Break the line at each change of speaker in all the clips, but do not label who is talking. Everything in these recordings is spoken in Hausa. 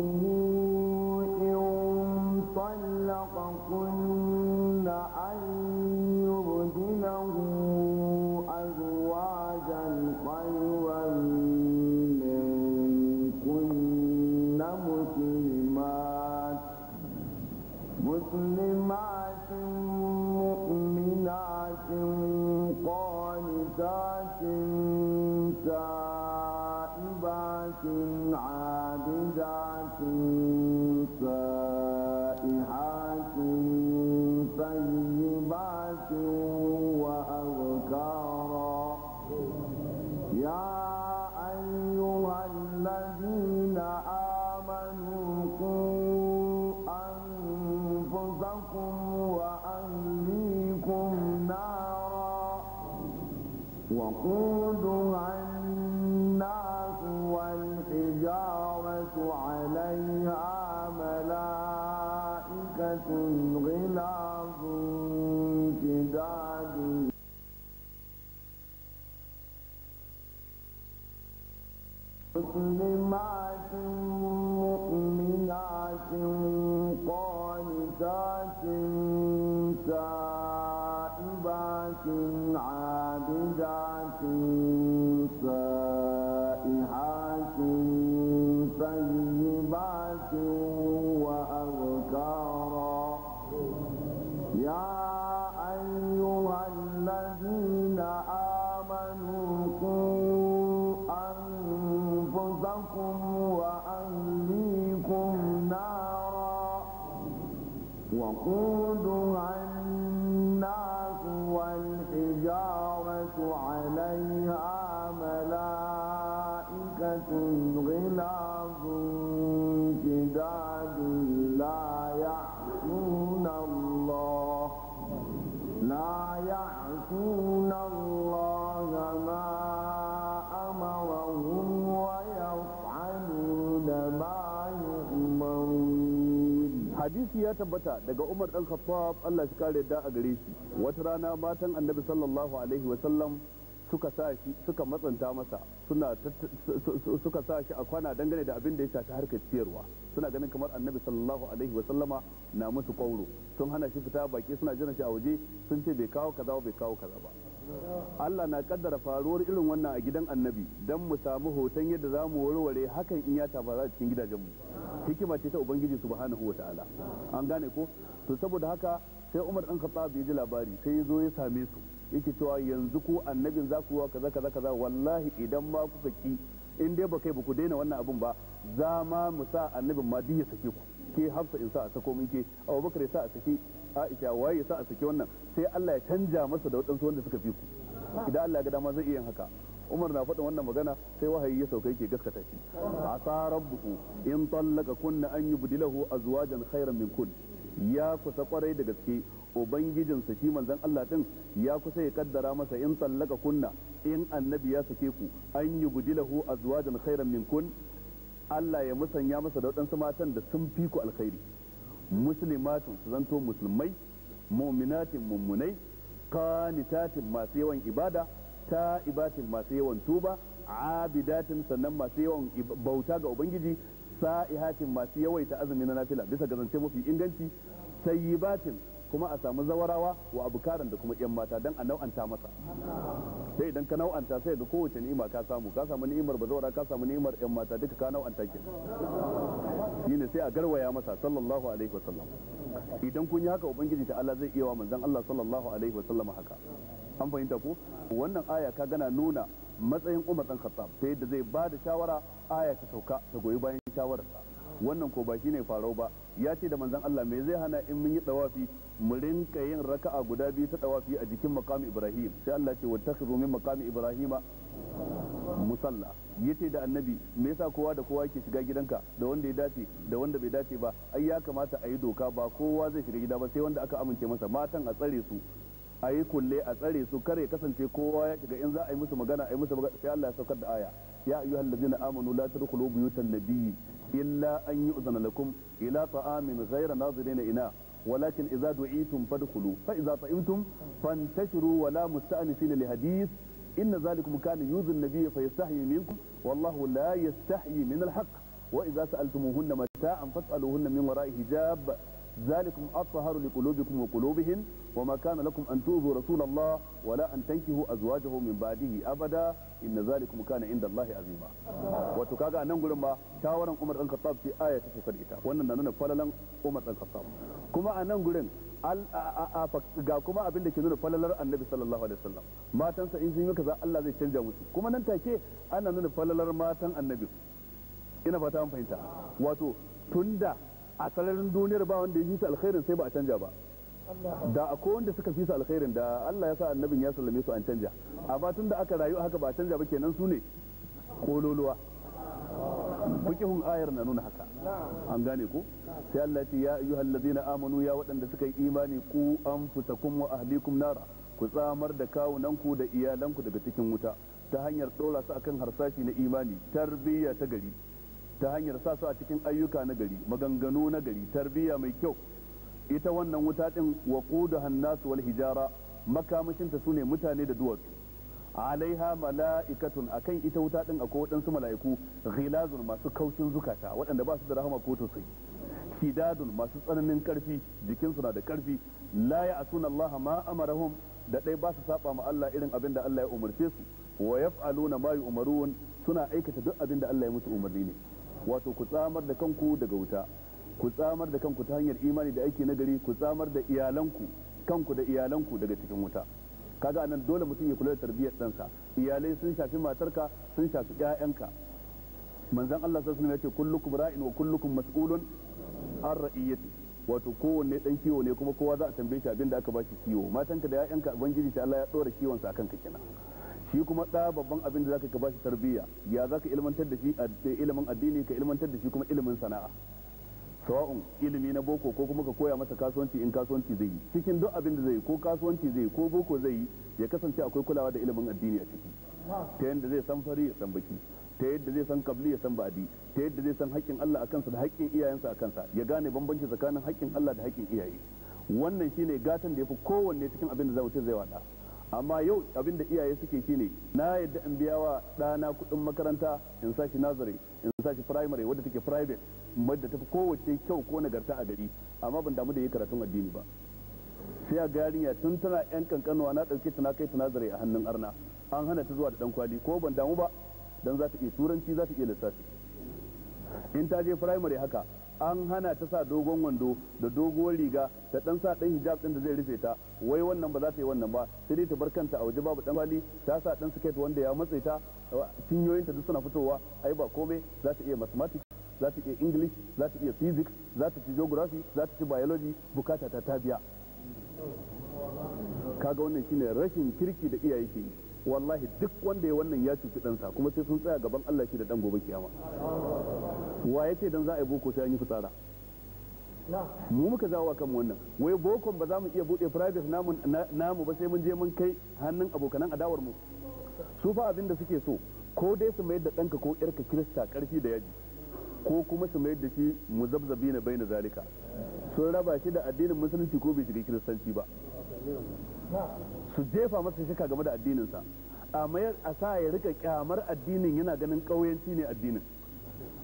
Ooh. فاكهات طيبات But to my أنفسكم وأهليكم نارا وقودها
hadisi ya tabbata daga umar dan khattab Allah shi kare da a gare shi wata rana matan annabi sallallahu alaihi wasallam suka sa shi suka matsanta masa suna suka sa shi a kwana dangane da abin da ya shafi harkar ciyarwa suna ganin kamar annabi sallallahu alaihi wasallama na musu kwauro sun hana shi fita baki suna jiran shi a waje sun ce bai kawo kaza bai kawo kaza ba Allah na kaddara faruwar irin wannan a gidan annabi don mu samu hoton yadda zamu warware hakan in ya tabara a cikin gidajenmu. hikima ce ta ubangiji subhanahu wa ta'ala an gane ko to saboda haka sai umar dan khattab ya ji labari sai ya zo ya same su yake cewa yanzu ko annabin za ku kaza kaza kaza wallahi idan ma kuka ki in dai ba kai ba ku daina wannan abun ba za ma mu sa annabin ma duk ya sake ku ke hafsa in sa a sako min ke abubakar ya sa a sake aisha waye ya sa a sake wannan sai Allah ya canja masa da waɗansu wanda suka fi ku idan Allah ya ga dama zai iya yin haka umar na faɗin wannan magana sai wahayi ya sauka yake gaskata shi asa buhu in tsallaka kunna an yi zuwa jan khairan min kun ya kusa kwarai da gaske ubangijinsa shi manzon Allah din ya kusa ya kaddara masa in tallaka kunna in annabi ya sake ku an yi zuwa jan khairan min kun Allah ya musanya masa da waɗansu matan da sun fi ku alkhairi musulmatin su zanto musulmai muminatin mummunai qanitatin masu yawan ibada ta'ibatin masu yawan tuba abidatin sannan masu yawan bauta ga ubangiji sa'ihatin masu yawaita azumi na nafila bisa ga zance mafi inganci tayyibatin kuma a samu zawarawa wa abukaran da kuma yan mata dan a nau'anta masa sai idan ka nau'anta sai ga kowace ni'ima ka samu ka samu ni'imar bazawara ka samu ni'imar yan mata duka ka nau'anta ke ne sai a garwaya masa sallallahu alaihi wasallam idan kun yi haka ubangiji ta Allah zai iya wa manzon Allah sallallahu alaihi wasallam haka an fahimta ko wannan aya ka gana nuna matsayin umar dan khattab ta yadda zai ba da shawara aya ta sauka ta goyi bayan shawarar wannan ko ba ne farau ba ya ce da manzan Allah me zai hana in mun yi dawafi mu rinka yin raka'a guda biyu ta tsawafi a jikin makamu Ibrahim sai Allah ce wattakhidhu min makamu Ibrahima musalla yace da annabi me yasa kowa da kowa yake shiga gidanka da wanda ya dace da wanda bai dace ba ai ya kamata a yi doka ba kowa zai shiga gida ba sai wanda aka amince masa matan a tsare su a kulle a tsare su kare kasance kowa ya shiga in za a yi musu magana a yi musu a sai Allah ya saukar da aya ya ayu hallazina amanu la tadkhulu buyutan nabiyyi illa an yu'zana lakum ila ta'amin ghayra nazirina ina walakin idza du'itum fadkhulu fa idza ta'imtum fantashiru wa la musta'nisina li hadith inna zalikum kana yuzun nabiy fa yastahyi minkum wallahu la yastahyi min alhaq wa idza sa'altumuhunna mata'an fas'aluhunna min wara'i hijab ذلكم أطهر لقلوبكم وقلوبهم وما كان لكم أن تؤذوا رسول الله ولا أن تنكحوا أزواجه من بعده أبدا إن ذلكم كان عند الله عظيما وتكاغا أنهم umar شاورا عمر بن الخطاب في آية wannan إتا وأننا ننن فللا عمر بن الخطاب كما أنهم al ga kuma abin da ke nuna falalar annabi sallallahu alaihi wasallam matansa in sun yi kaza Allah zai canja musu kuma nan take ana nuna falalar matan annabi ina fata an fahimta wato tunda a sararin duniyar ba wanda ya fi su alkhairin sai ba a canja ba da akwai wanda suka fi su alkhairin da Allah ya sa annabin ya sallame su an canja a tun da aka rayu haka ba a canja ba kenan su ne kololuwa bukihun ayar na nuna haka an gane ku sai Allah ce ya hallazi na amanu ya waɗanda suka yi imani ku an anfusakum wa ahlikum nara ku tsamar da kawunanku da iyalanku daga cikin wuta ta hanyar ɗora su akan harsashi na imani tarbiyya ta gari ta hanyar sa su a cikin ayyuka na gari maganganu na gari tarbiyya mai kyau ita wannan wuta din wa qudu nas wal hijara makamashin ta sune mutane da duwatsu alaiha mala'ikatun akan ita wuta din akwai waɗansu mala'iku ghilazun masu kaucin zukata waɗanda ba su da rahama ko tosai shidadun masu tsananin karfi jikinsu na da karfi la ya'suna Allah ma amarahum da ɗai ba su saba ma Allah irin abin da Allah ya umarce su wa yaf'aluna ma yu'maruun suna aikata duk abin da Allah ya musu umarni ne wato ku tsamar da kanku daga wuta ku tsamar da kanku ta hanyar imani da aiki nagari ku tsamar da iyalanku kanku da iyalanku daga cikin wuta kaga anan dole mutum ya kula da tarbiyyar ɗansa iyalai sun shafi matarka sun shafi ƴaƴanka manzon Allah sallallahu alaihi wasallam ce kullukum ra'in wa kullukum mas'ulun an ra'iyati wato kowanne dan kiwo ne kuma kowa za a tambaye shi abin da aka shi kiwo matanka da ƴaƴanka ubangiji ta Allah ya dora kiwon sa akan ka kenan shi kuma ɗa babban abin da zaka ka bashi tarbiyya ya zaka ilmantar da shi ilimin addini ka ilmantar da shi kuma ilimin sana'a sawa'un ilimi na boko ko kuma ka koya masa kasuwanci in kasuwanci zai yi cikin duk abin da zai yi ko kasuwanci zai yi ko boko zai yi ya kasance akwai kulawa da ilimin addini a ciki ta yadda zai san fari ya san baki ta yadda zai san kabli ya san ba'adi ta yadda zai san haƙƙin Allah a kansa da haƙƙin iyayensa a kansa ya gane bambanci tsakanin haƙƙin Allah da haƙƙin iyaye wannan shine gatan da yafi kowanne cikin abin da za mutum zai wada amma yau abin da iyaye suke shine na yadda in biya wa ɗana kuɗin makaranta in sa shi nazari in sa shi primary wadda take private wadda fi kowace kyau ko nagarta a gari amma ban damu da yi karatun addini ba sai a ga yarinya tun tana yan kankanuwa na ɗauke ta na kai ta nazari a hannun arna an hana ta zuwa da ɗan kwali ko ban damu ba dan za ta iya turanci za ta iya lissafi in ta je primary haka an hana ta sa dogon wando da doguwar riga ta dan sa dan hijab din da zai rufe ta wai wannan ba za ta yi wannan ba sai dai ta bar kanta a waje babu dan bali ta sa dan siket wanda ya matse ta cinyoyin ta duk suna fitowa ai ba komai za ta iya mathematics za ta iya english za ta iya physics za ta ci geography za ta ci biology bukata ta tabiya ka kaga wannan shine rashin kirki da iyaye ke yi wallahi duk wanda ya wannan ya cuci ɗansa kuma sai sun tsaya gaban Allah shi da dan gobe kiyama wa ya ce don za a yi boko sai an yi fitsara mu muka zawo kan wannan wai bokon ba za mu iya buɗe private namu ba sai mun je mun kai hannun abokanan adawar mu su fa abin da suke so ko dai su mayar da ɗanka ko ƴarka kirista karfi da yaji ko kuma su mayar da shi mu zabzabi na bai na zalika sun raba shi da addinin musulunci ko bai shiga kiristanci ba su jefa masa shaka game da addininsa a mayar a sa ya rika kyamar addinin yana ganin ƙauyenci ne addinin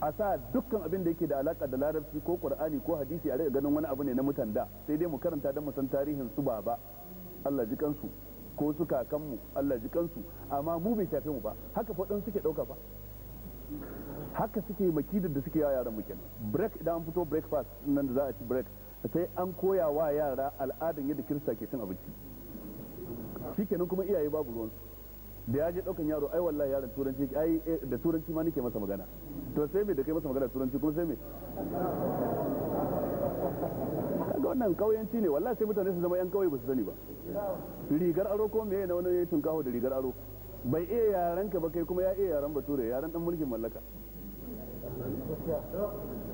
a sa dukkan abin da yake da alaka da larabci ko qur'ani ko hadisi a rika ganin wani abu ne na mutan da sai dai mu karanta don mu san tarihin su baba Allah ji kansu ko su kakanmu Allah ji kansu amma mu bai shafe mu ba haka faɗin suke ɗauka ba haka suke makidar da suke yawa yaran mu kenan break idan an fito breakfast nan da za a ci break sai an koya wa yara al'adan yadda kirista ke cin abinci shikenan kuma iyaye babu ruwansu da ya je daukan yaro ai wallahi yaron turanci ai eh, da turanci ma nake masa magana to sai me da kai masa magana turanci kuma sai me kaga wannan kauyanci ne wallahi sai mutane su zama yan kauye ba su sani ba rigar aro ko meye na wani tun kawo da rigar aro bai iya yaran ka ba kai kuma ya iya yaran bature yaran dan mulkin mallaka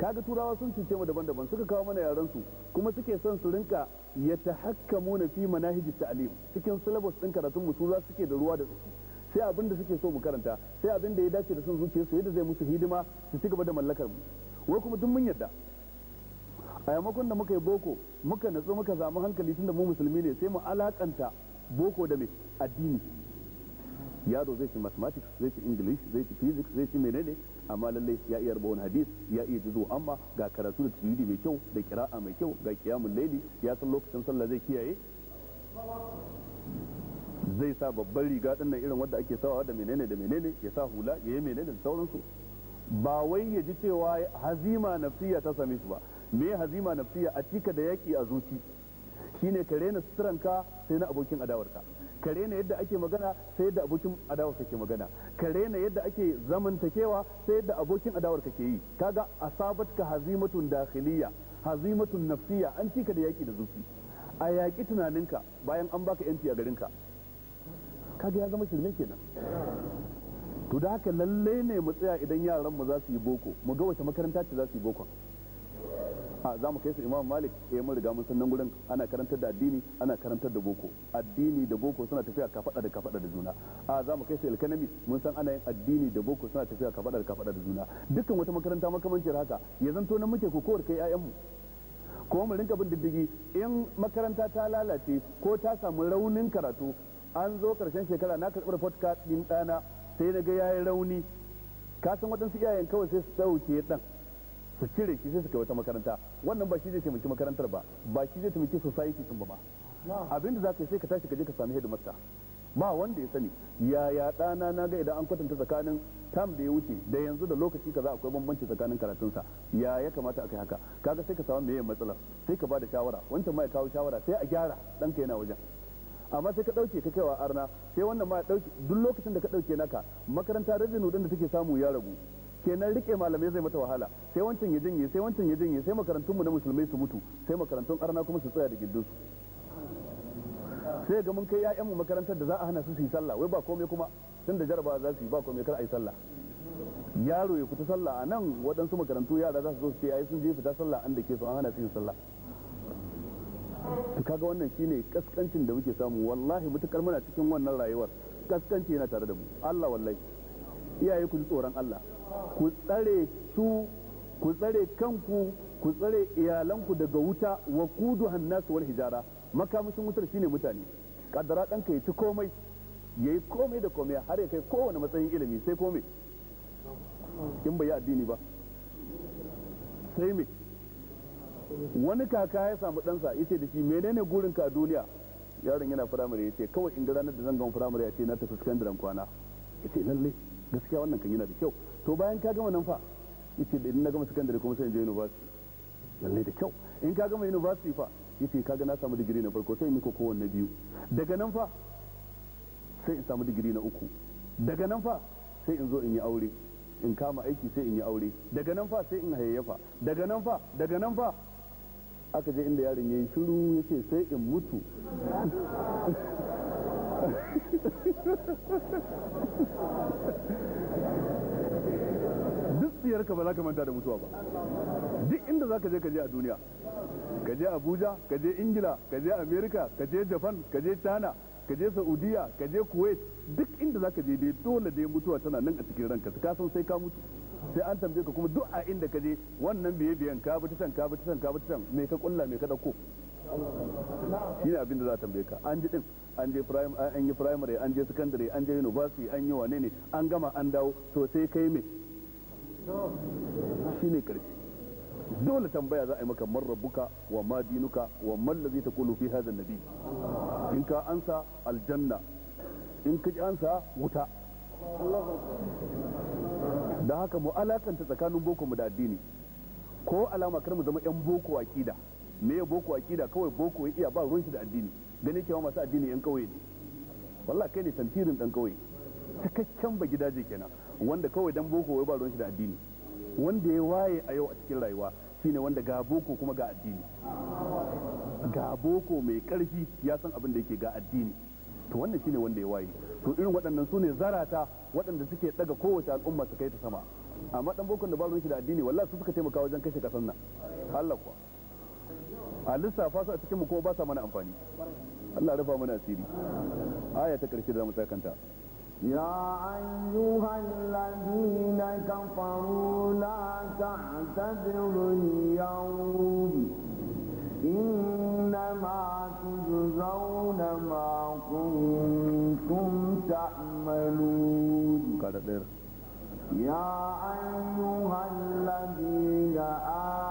kaga turawa sun cince mu daban-daban suka kawo mana yaran su kuma suke son su rinka ya tahakkamu na fi manahijit ta'lim cikin syllabus din karatun mu su za suke da ruwa da tsaki sai abin da suke so mu karanta sai abin da ya dace da son su yadda zai musu hidima su ci gaba da mallakar mu wai kuma tun mun yarda a yamakon da muka yi boko muka natsu muka samu hankali tunda mu musulmi ne sai mu alakanta boko da mai addini yaro zai ci mathematics zai ci english zai ci physics zai ci menene amma lalle ya iya wani hadis ya iya jizo amma ga karatu da tijidi mai kyau da kira'a mai kyau ga kiyamun laili ya san lokacin sallah zai kiyaye zai sa babban riga din irin wanda ake sawa da menene da menene ya sa hula ya yi menene da sauransu ba wai ya ji cewa hazima nafsiya ta same su ba me hazima nafsiya a cika da yaki a zuci shine ka rena suturanka sai na abokin adawarka ka rena yadda ake magana sai yadda abokin adawar ke magana ka rena yadda ake zamantakewa sai yadda abokin adawar ke yi kaga asabat ka hazimatun dakhiliya hazimatun nafsiya an cika da yaki da zuci a yaki tunaninka bayan an baka yanci a garinka kaga ya zama shirme kenan to da haka lalle ne mu tsaya idan yaran mu za su yi boko mu ga wace makaranta ce za su yi boko a za mu kai su imam malik eh mun riga mun san nan gurin ana karantar da addini ana karantar da boko addini da boko suna tafiya fada da fada da juna a za mu kai su ilkanami mun san ana yin addini da boko suna tafiya fada da fada da juna dukkan wata makaranta makamancin haka ya zanto nan muke kokowar kai mu? Ko mu rinka bin diddigi in makaranta ta lalace ko ta samu raunin karatu an zo karshen shekara na karɓi report ɗin ɗana sai na ga yayi rauni kasan san waɗansu iyayen kawai sai su ɗauke ɗan su cire shi sai su kai wata makaranta wannan ba shi zai taimaki makarantar ba ba shi zai taimaki society ɗin ba ba abinda za ka yi sai ka tashi ka je ka sami headmaster ba wanda ya sani yaya ɗana na ga idan an kwatanta tsakanin tam da ya wuce da yanzu da lokaci kaza akwai bambanci tsakanin karatunsa ya ya kamata a kai haka kaga sai ka samu meye matsalar sai ka ba da shawara wancan ma ya kawo shawara sai a gyara ɗanka yana wajen amma sai ka dauke ka kaiwa arna sai wannan ma dauke duk lokacin da ka dauke naka makaranta revenue din da take samu ya ragu kenan rike malamai zai mata wahala sai wancan ya janye sai wancan ya janye sai makarantun mu na musulmai su mutu sai makarantun arna kuma su tsaya da gindin su sai ga mun kai ƴaƴan mu makarantar da za a hana su su yi sallah wai ba komai kuma tun da jarabawa za su yi ba komai kar a yi sallah yaro ya fita sallah a nan waɗansu makarantu yara za su zo su ce ai sun je fita sallah an da ke su an hana su yin sallah kaga wannan shine kaskancin da muke samu wallahi mutukar muna cikin wannan rayuwar kaskanci yana tare da mu Allah wallahi iyaye ku ji tsoron Allah ku tsare su ku tsare kanku ku tsare iyalanku daga wuta wa kudu hannasu wal hijara makamashin wutar shine mutane kaddara ɗanka ya ci komai yayi yi komai da komai har ya kai kowane matsayin ilimi sai komai in bai yi addini ba sai me wani kaka ya samu ɗansa ya ce da shi menene gurin ka duniya yaron yana firamare ya ce kawai in ranar da zan gama firamare ya ce na tafi sakandaren kwana ya ce lalle gaskiya wannan kan yana da kyau to bayan ka gama nan fa ya ce idan na gama sakandare kuma sai in je university lalle da kyau in ka gama university fa ya ce ga na samu digiri na farko sai in yi kowanne biyu daga nan fa sai in samu digiri na uku daga nan fa sai in zo in yi aure in kama aiki sai in yi aure daga nan fa sai in hayayyafa daga nan fa daga nan fa aka je inda yaron ya yi shiru ya ce sai in mutu duk ka ba za ka manta da mutuwa ba duk inda za ka je ka je a duniya ka je abuja ka je ingila ka je amerika ka je japan ka je china ka je saudiya ka je kuwait duk inda za ka je dai dole dai mutuwa tana nan a cikin ranka ka san sai ka mutu sai an tambaye ka kuma duk a inda ka je wannan biye biyan ka bi can ka bi can ka bi can me ka kulla me ka dauko shine abin da za a tambaye ka an ji din an je an yi primary an je secondary an je university an yi wane ne an gama an dawo to sai kai me shine karshe dole tambaya za a yi maka man rabbuka wa ma dinuka wa man ta kulu fi hazan nabi in ka ansa aljanna in ka ansa wuta da haka mu alakanta tsakanin boko mu da addini ko alama kar mu zama yan boko akida me ya boko akida kawai boko ya iya ba ruwan shi da addini gani kewa masu addini yan kawai ne wallah kai ne tantirin dan kauye cikakken ba gidaje kenan wanda kawai dan boko ya ba ruwan shi da addini wanda ya waye a yau a cikin rayuwa shine wanda ga boko kuma ga addini ga boko mai karfi ya san abin da yake ga addini to wannan shine wanda ya waye to irin waɗannan su ne zarata waɗanda suke daga kowace al'umma su kai ta sama amma dan bokon da ba su da addini wallahi su suka taimaka wajen kashe kasan nan Allah kuwa a lissafa su a cikin mu kuma ba sa mana amfani Allah rufa mana asiri aya ta karshe da mu tsakanta
يا أيها الذين كفروا لا تعتذروا اليوم إنما تجزون ما كنتم تعملون يا أيها الذين آمنوا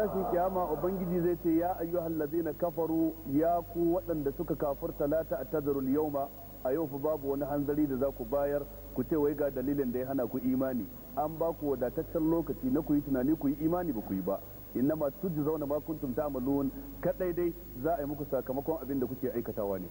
tashin kiyama ubangiji zai ce ya ayyuhal ladina kafaru ya ku waɗanda suka kafurta la yau ma a yau fa babu wani hanzari da za ku bayar ku ce wai ga dalilin da ya hana ku imani an ba ku wadataccen lokaci na ku yi tunani ku yi imani ba ku yi ba tuju zauna ma kuntum ta'malun kadai dai za a yi muku sakamakon abin da kuke aikatawa ne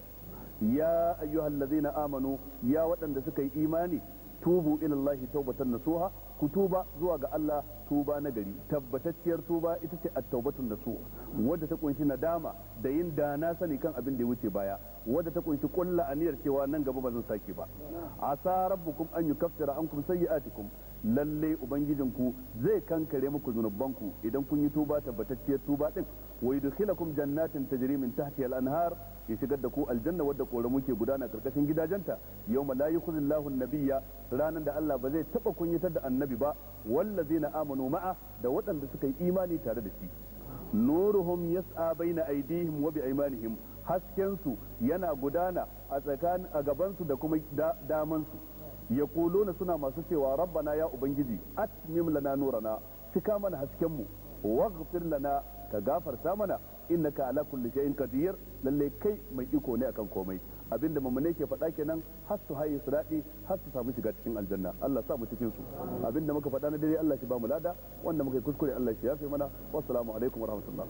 ya ayyuhal ladina amanu ya waɗanda suka yi imani tubu ilallahi taubatan nasuha ku tuba zuwa ga Allah tuba na gari tabbatacciyar tuba ita ce at-taubatun nasuha wadda ta kunshi nadama da yin da na sani kan abin da ya wuce baya wadda ta kunshi kulla aniyar cewa nan gaba ba zan sake ba asa rabbukum an yukaffira ankum sayyi'atikum lalle ubangijinku zai kankare muku zunubanku idan kun yi tuba tabbatacciyar tuba din wa yudkhilakum jannatin tajri min tahtiha al-anhar ya shigar da ku aljanna wadda koramu ke gudana karkashin gidajenta yawma la yukhzi Allahu nabiyya ranar da Allah ba zai taba kunyatar da annabi ba zai na amanu ma'a da waɗanda suka yi imani tare da shi nuruhum yas'a baina aydihim wa bi aymanihim haskensu yana gudana a tsakanin a da kuma damansu yaquluna suna masu cewa rabbana ya ubangiji atmim lana nurana cika mana hasken haskenmu waghfir lana ka gafarta mana ka ala kulli shay'in qadir lalle kai mai iko ne akan komai abinda mamane ke faɗa kenan har su haye su daɗi har su samu shiga cikin aljanna Allah sa mu cikin su abinda muka faɗa na dare Allah shi ba mu lada wanda muka yi kuskure Allah shi yafe mana wassalamu alaikum warahmatullahi